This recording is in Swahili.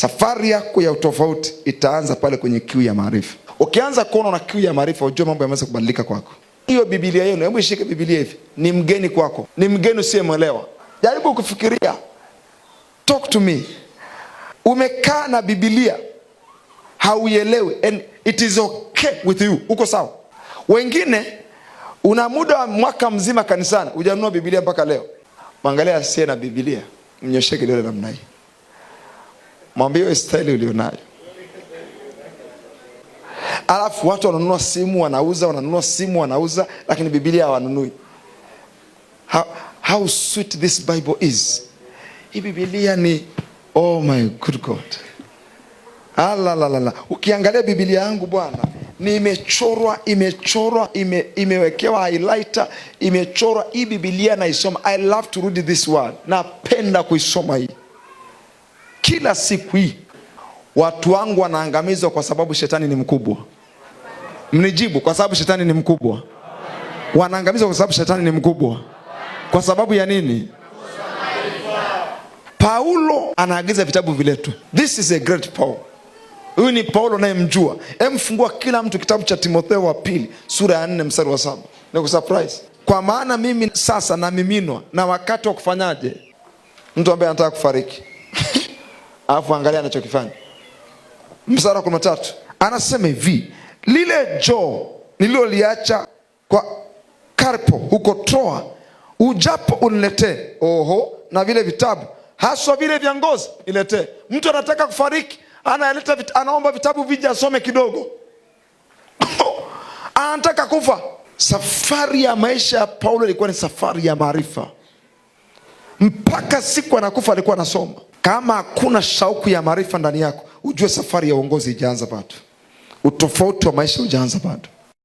Safari yako ya utofauti itaanza pale kwenye kiu ya maarifa. Ukianza kuona na kiu ya maarifa, ujue mambo yameanza kubadilika kwako. Hiyo Biblia yenu, hebu ishike Biblia hivi, ni mgeni kwako, ni mgeni usiyemwelewa. Jaribu kufikiria, talk to me. Umekaa na Biblia hauielewi, and it is okay with you, uko sawa. Wengine una muda wa mwaka mzima kanisani, hujanunua Biblia mpaka leo. Mwangalia asiye na Biblia, mnyoshe kidole namna hii. Mwambie wewe staili ulionayo. Alafu watu wananunua simu wanauza, wananunua simu wanauza, lakini Biblia hawanunui. How, how sweet this Bible is. Hii Biblia ni oh my good God. Ala ah, la la la. Ukiangalia Biblia yangu bwana, ni imechorwa imechorwa ime, imewekewa highlighter, imechorwa hii Biblia naisoma. I love to read this word. Napenda kuisoma hii kila siku hii watu wangu wanaangamizwa kwa sababu shetani ni mkubwa. Mnijibu, kwa sababu shetani ni mkubwa. Wanaangamizwa kwa sababu shetani ni mkubwa. Kwa sababu ya nini? Paulo anaagiza vitabu viletwe. This is a great Paul. Huyu ni Paulo nayemjua. Emfungua kila mtu kitabu cha Timotheo wa pili sura ya nne mstari wa saba. Niko surprise. Kwa maana mimi sasa namiminwa na wakati wa kufanyaje? Mtu ambaye anataka kufariki Alafu angalia anachokifanya mstari wa kumi na tatu anasema hivi, lile joo nililoliacha kwa Karpo huko Troa, ujapo uniletee. Oho, na vile vitabu haswa vile vya ngozi niletee. Mtu anataka kufariki, analeta vit, anaomba vitabu vija asome kidogo anataka kufa. Safari ya maisha ya Paulo ilikuwa ni safari ya maarifa, mpaka siku anakufa alikuwa anasoma. Kama hakuna shauku ya maarifa ndani yako, ujue safari ya uongozi ijaanza bado, utofauti wa maisha ujaanza bado.